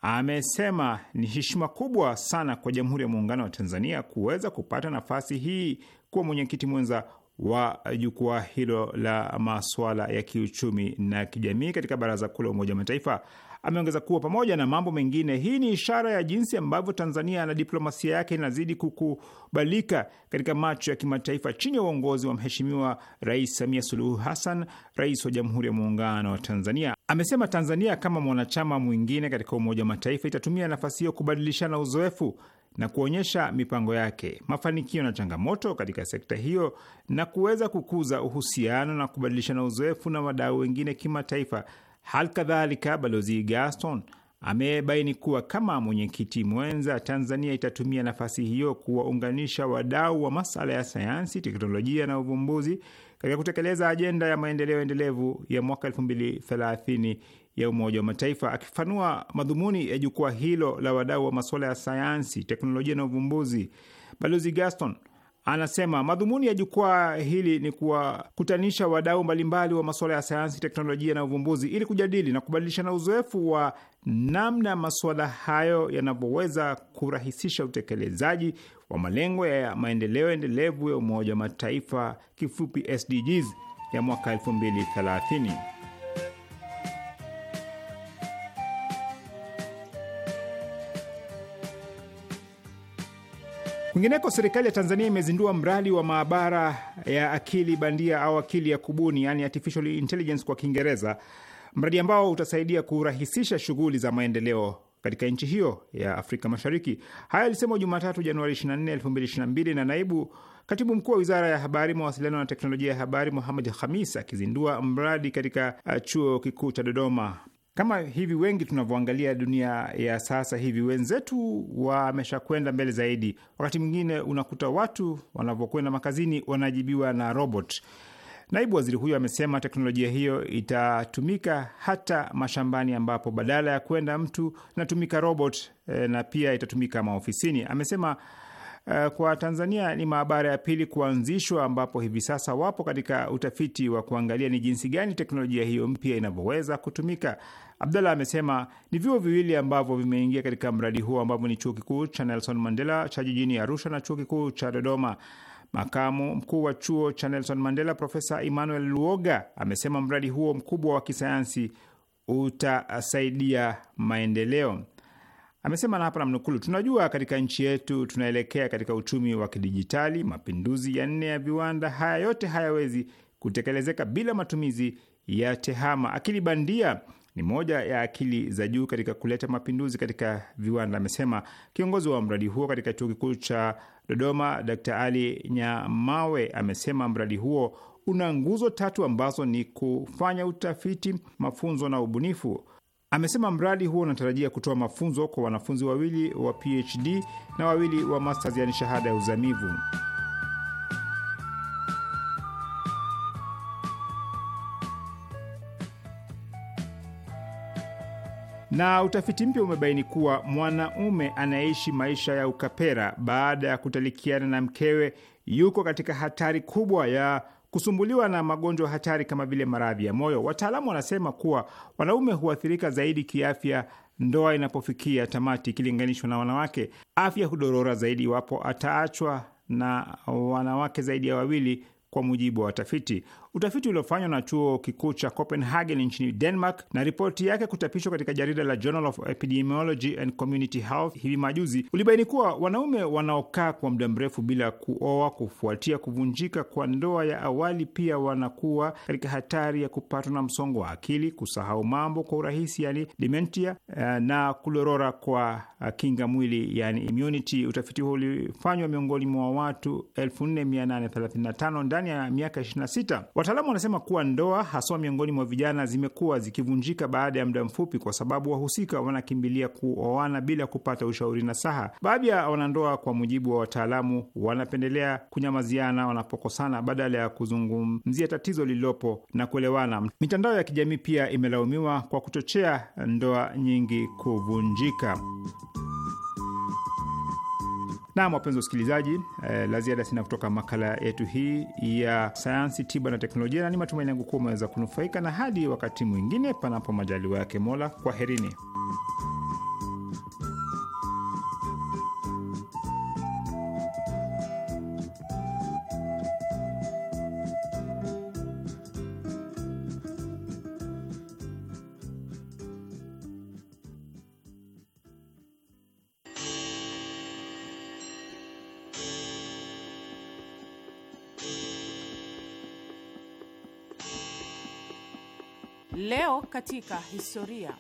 amesema ni heshima kubwa sana kwa Jamhuri ya Muungano wa Tanzania kuweza kupata nafasi hii kuwa mwenyekiti mwenza wa jukwaa hilo la maswala ya kiuchumi na kijamii katika Baraza Kuu la Umoja wa Mataifa. Ameongeza kuwa pamoja na mambo mengine, hii ni ishara ya jinsi ambavyo Tanzania na diplomasia yake inazidi kukubalika katika macho ya kimataifa chini ya uongozi wa Mheshimiwa Rais Samia Suluhu Hassan, Rais wa Jamhuri ya Muungano wa Tanzania. Amesema Tanzania kama mwanachama mwingine katika Umoja wa Mataifa itatumia nafasi hiyo kubadilishana uzoefu na kuonyesha mipango yake, mafanikio na changamoto katika sekta hiyo na kuweza kukuza uhusiano na kubadilishana uzoefu na wadau wengine kimataifa. Hali kadhalika, Balozi Gaston amebaini kuwa kama mwenyekiti mwenza, Tanzania itatumia nafasi hiyo kuwaunganisha wadau wa masuala ya sayansi, teknolojia na uvumbuzi katika kutekeleza ajenda ya maendeleo endelevu ya mwaka elfu mbili thelathini ya Umoja wa Mataifa. Akifafanua madhumuni ya jukwaa hilo la wadau wa masuala ya sayansi, teknolojia na uvumbuzi, Balozi Gaston anasema madhumuni ya jukwaa hili ni kuwakutanisha wadau mbalimbali wa masuala ya sayansi, teknolojia na uvumbuzi ili kujadili na kubadilishana uzoefu wa namna masuala hayo yanavyoweza kurahisisha utekelezaji wa malengo ya maendeleo endelevu ya Umoja wa Mataifa, kifupi SDGs, ya mwaka 2030. Kwingineko, serikali ya Tanzania imezindua mradi wa maabara ya akili bandia au akili ya kubuni, yani artificial intelligence kwa Kiingereza, mradi ambao utasaidia kurahisisha shughuli za maendeleo katika nchi hiyo ya Afrika Mashariki. Haya alisema Jumatatu, Januari 24, 2022 na naibu katibu mkuu wa wizara ya habari, mawasiliano na teknolojia ya habari Muhamed Khamis akizindua mradi katika uh, chuo kikuu cha Dodoma kama hivi wengi tunavyoangalia dunia ya sasa hivi, wenzetu wameshakwenda mbele zaidi. Wakati mwingine unakuta watu wanavyokwenda makazini wanajibiwa na robot. Naibu waziri huyo amesema teknolojia hiyo itatumika hata mashambani ambapo badala ya kwenda mtu natumika robot e, na pia itatumika maofisini. Amesema e, kwa Tanzania ni maabara ya pili kuanzishwa ambapo hivi sasa wapo katika utafiti wa kuangalia ni jinsi gani teknolojia hiyo mpya inavyoweza kutumika. Abdalla amesema ni vyuo viwili ambavyo vimeingia katika mradi huo ambavyo ni chuo kikuu cha Nelson Mandela cha jijini Arusha na chuo kikuu cha Dodoma. Makamu mkuu wa chuo cha Nelson Mandela Profesa Emmanuel Luoga amesema mradi huo mkubwa wa kisayansi utasaidia maendeleo. Amesema na hapa namnukulu, tunajua katika nchi yetu tunaelekea katika uchumi wa kidijitali. Mapinduzi ya nne ya viwanda, haya yote hayawezi kutekelezeka bila matumizi ya tehama, akili bandia ni moja ya akili za juu katika kuleta mapinduzi katika viwanda, amesema kiongozi wa mradi huo katika chuo kikuu cha Dodoma, Dr Ali Nyamawe. Amesema mradi huo una nguzo tatu ambazo ni kufanya utafiti, mafunzo na ubunifu. Amesema mradi huo unatarajia kutoa mafunzo kwa wanafunzi wawili wa PhD na wawili wa masters, yani shahada ya uzamivu. Na utafiti mpya umebaini kuwa mwanaume anayeishi maisha ya ukapera baada ya kutalikiana na mkewe yuko katika hatari kubwa ya kusumbuliwa na magonjwa hatari kama vile maradhi ya moyo. Wataalamu wanasema kuwa wanaume huathirika zaidi kiafya ndoa inapofikia tamati ikilinganishwa na wanawake. Afya hudorora zaidi iwapo ataachwa na wanawake zaidi ya wawili, kwa mujibu wa watafiti. Utafiti uliofanywa na chuo kikuu cha Copenhagen nchini Denmark na ripoti yake kuchapishwa katika jarida la Journal of Epidemiology and Community Health hivi majuzi ulibaini kuwa wanaume wanaokaa kwa muda mrefu bila kuoa kufuatia kuvunjika kwa ndoa ya awali pia wanakuwa katika hatari ya kupatwa na msongo wa akili, kusahau mambo kwa urahisi, yani dementia, eh, na kulorora kwa eh, kinga mwili, yani immunity. Utafiti huo ulifanywa miongoni mwa watu 4835 ndani ya miaka 26 Wataalamu wanasema kuwa ndoa haswa miongoni mwa vijana zimekuwa zikivunjika baada ya muda mfupi, kwa sababu wahusika wanakimbilia kuoana bila kupata ushauri na saha. Baadhi ya wanandoa, kwa mujibu wa wataalamu, wanapendelea kunyamaziana wanapokosana badala ya kuzungumzia tatizo lililopo na kuelewana. Mitandao ya kijamii pia imelaumiwa kwa kuchochea ndoa nyingi kuvunjika. Naam, wapenzi wasikilizaji, eh, la ziada sina kutoka makala yetu hii ya sayansi, tiba na teknolojia, na ni matumaini yangu kuwa umeweza kunufaika. Na hadi wakati mwingine, panapo majaliwa yake Mola, kwaherini. Leo katika historia.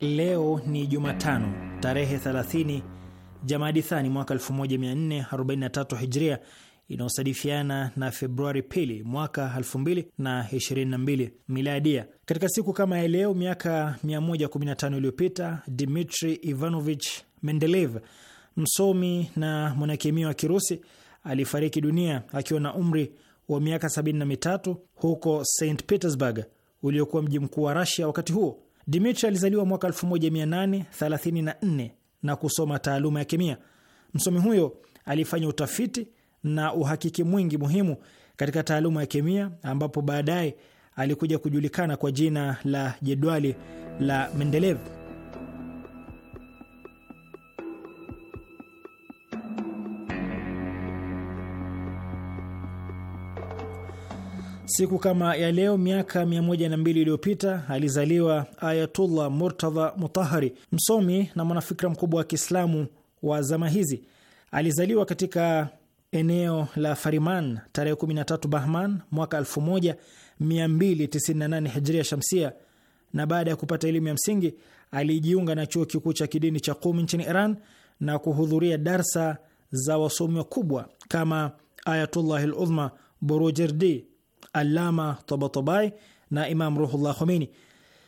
Leo ni Jumatano tarehe 30 Jamadi Thani mwaka 1443 Hijria, inayosadifiana na Februari pili mwaka 2022 Miladia. Katika siku kama ya leo miaka 115 iliyopita Dmitri Ivanovich Mendeleev, msomi na mwanakemia wa Kirusi alifariki dunia akiwa na umri wa miaka 73 huko St Petersburg uliokuwa mji mkuu wa Rasia wakati huo. Dmitri alizaliwa mwaka 1834 na kusoma taaluma ya kemia. Msomi huyo alifanya utafiti na uhakiki mwingi muhimu katika taaluma ya kemia, ambapo baadaye alikuja kujulikana kwa jina la jedwali la Mendeleev. Siku kama ya leo miaka 102 iliyopita alizaliwa Ayatullah Murtadha Mutahari, msomi na mwanafikra mkubwa wa Kiislamu wa zama hizi. Alizaliwa katika eneo la Fariman tarehe 13 Bahman mwaka 1298 Hijria Shamsia, na baada ya kupata elimu ya msingi alijiunga na chuo kikuu cha kidini cha Qumi nchini Iran na kuhudhuria darsa za wasomi wakubwa kama Ayatullah al-Uzma Borujerdi Alama Tabatabai na Imam Ruhullah Khomeini.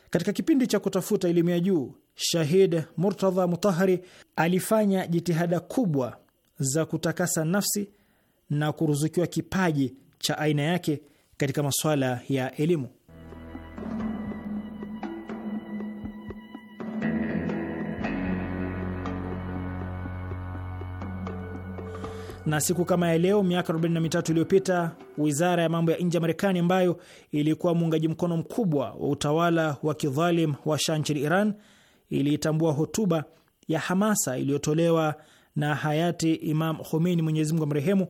Katika kipindi cha kutafuta elimu ya juu, Shahid Murtadha Mutahari alifanya jitihada kubwa za kutakasa nafsi na kuruzukiwa kipaji cha aina yake katika masuala ya elimu. Na siku kama ya leo miaka 43 iliyopita wizara ya mambo ya nje ya Marekani ambayo ilikuwa muungaji mkono mkubwa wa utawala wa kidhalim wa Shah nchini Iran iliitambua hotuba ya hamasa iliyotolewa na hayati Imam Khomeini, Mwenyezi Mungu amrehemu,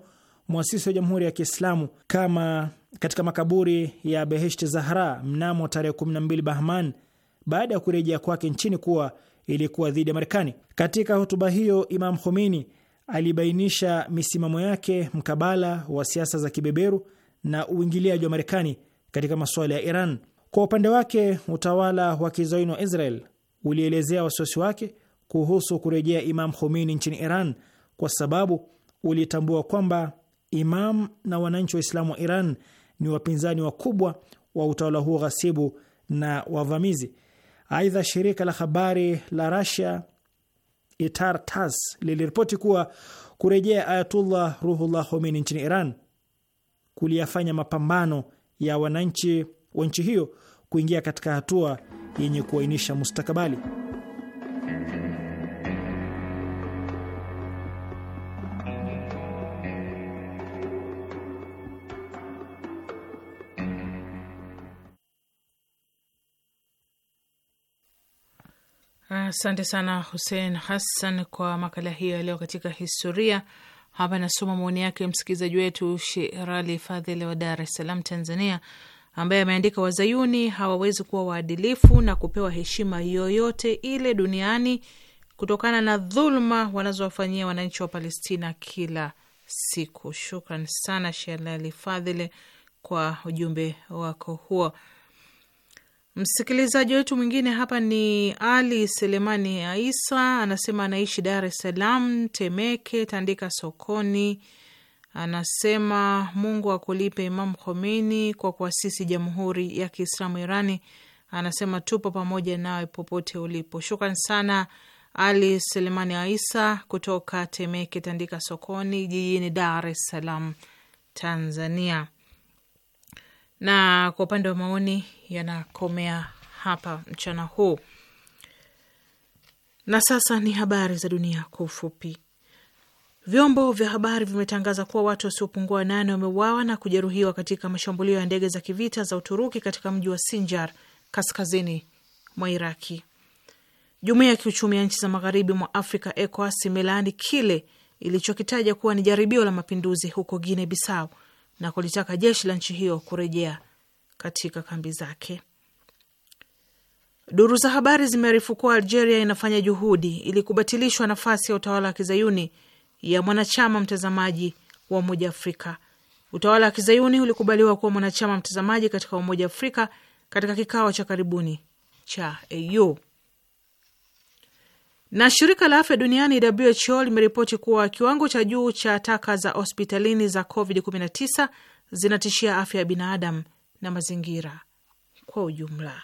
mwasisi wa Jamhuri ya Kiislamu kama katika makaburi ya Beheshti Zahra mnamo tarehe 12 Bahman baada ya kurejea kwake nchini kuwa ilikuwa dhidi ya Marekani. Katika hotuba hiyo Imam Khomeini alibainisha misimamo yake mkabala wa siasa za kibeberu na uingiliaji wa Marekani katika masuala ya Iran. Kwa upande wake, utawala wa kizayuni wa Israel ulielezea wasiwasi wake kuhusu kurejea Imam Khomeini nchini Iran kwa sababu ulitambua kwamba Imam na wananchi wa Islamu wa Iran ni wapinzani wakubwa wa utawala huo ghasibu na wavamizi. Aidha, shirika la habari la Rasia Itar Tas liliripoti kuwa kurejea Ayatullah Ruhullah Khomeini nchini Iran kuliyafanya mapambano ya wananchi wa nchi hiyo kuingia katika hatua yenye kuainisha mustakabali. Asante sana Hussein Hassan kwa makala hiyo ya katika historia. Hapa nasoma maoni yake msikilizaji wetu Shirali Fadhili wa Dar es Salaam, Tanzania, ambaye ameandika wazayuni hawawezi kuwa waadilifu na kupewa heshima yoyote ile duniani kutokana na dhuluma wanazowafanyia wananchi wa Palestina kila siku. Shukran sana Shirali Fadhili kwa ujumbe wako huo. Msikilizaji wetu mwingine hapa ni Ali Selemani Aisa, anasema anaishi Dar es Salaam, Temeke, Tandika sokoni. Anasema Mungu akulipe Imam Khomeini kwa kuasisi Jamhuri ya Kiislamu Irani. Anasema tupo pamoja nawe popote ulipo. Shukran sana Ali Selemani Aisa kutoka Temeke, Tandika sokoni, jijini Dar es Salaam, Tanzania na kwa upande wa maoni yanakomea hapa mchana huu. Na sasa ni habari za dunia kwa ufupi. Vyombo vya habari vimetangaza kuwa watu wasiopungua nane wameuawa na kujeruhiwa katika mashambulio ya ndege za kivita za Uturuki katika mji wa Sinjar kaskazini mwa Iraki. Jumuiya ya kiuchumi ya nchi za magharibi mwa Afrika ECOWAS imelaani kile ilichokitaja kuwa ni jaribio la mapinduzi huko Guinea Bissau na kulitaka jeshi la nchi hiyo kurejea katika kambi zake. Duru za habari zimearifu kuwa Algeria inafanya juhudi ili kubatilishwa nafasi ya utawala wa kizayuni ya mwanachama mtazamaji wa Umoja Afrika. Utawala wa kizayuni ulikubaliwa kuwa mwanachama mtazamaji katika Umoja Afrika katika kikao cha karibuni cha AU. Na shirika la afya duniani WHO limeripoti kuwa kiwango cha juu cha taka za hospitalini za COVID-19 zinatishia afya ya binadamu na mazingira kwa ujumla.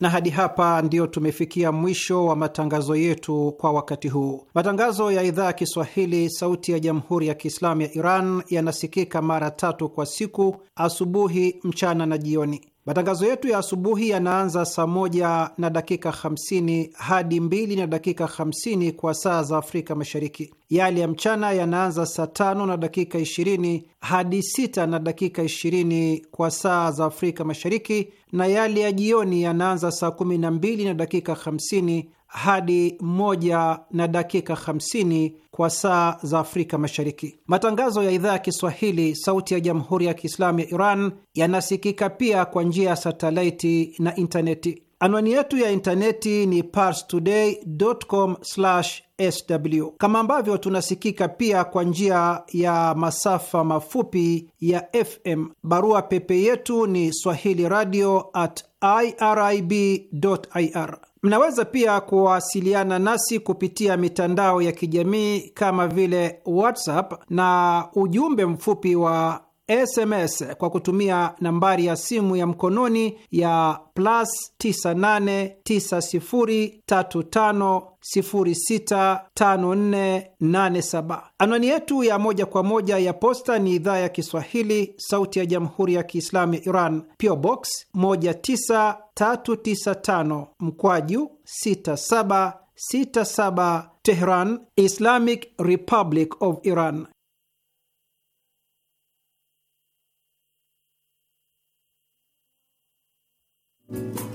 na hadi hapa ndiyo tumefikia mwisho wa matangazo yetu kwa wakati huu. Matangazo ya idhaa ya Kiswahili sauti ya jamhuri ya kiislamu ya Iran yanasikika mara tatu kwa siku: asubuhi, mchana na jioni. Matangazo yetu ya asubuhi yanaanza saa moja na dakika 50 hadi mbili na dakika 50 kwa saa za Afrika Mashariki. Yale ya mchana yanaanza saa tano na dakika 20 hadi sita na dakika 20 kwa saa za Afrika Mashariki, na yale ya jioni yanaanza saa 12 na dakika 50 hadi moja na dakika 50 kwa saa za Afrika Mashariki. Matangazo ya idhaa ya Kiswahili sauti ya Jamhuri ya Kiislamu ya Iran yanasikika pia kwa njia ya satelaiti na intaneti. Anwani yetu ya intaneti ni parstoday.com/sw, kama ambavyo tunasikika pia kwa njia ya masafa mafupi ya FM. Barua pepe yetu ni swahili radio at irib.ir Mnaweza pia kuwasiliana nasi kupitia mitandao ya kijamii kama vile WhatsApp na ujumbe mfupi wa SMS kwa kutumia nambari ya simu ya mkononi ya plus 989035065487. Anwani yetu ya moja kwa moja ya posta ni idhaa ya Kiswahili, sauti ya jamhuri ya kiislamu ya Iran, PO Box 19395 mkwaju 6767 Tehran, Islamic Republic of Iran. Thank you.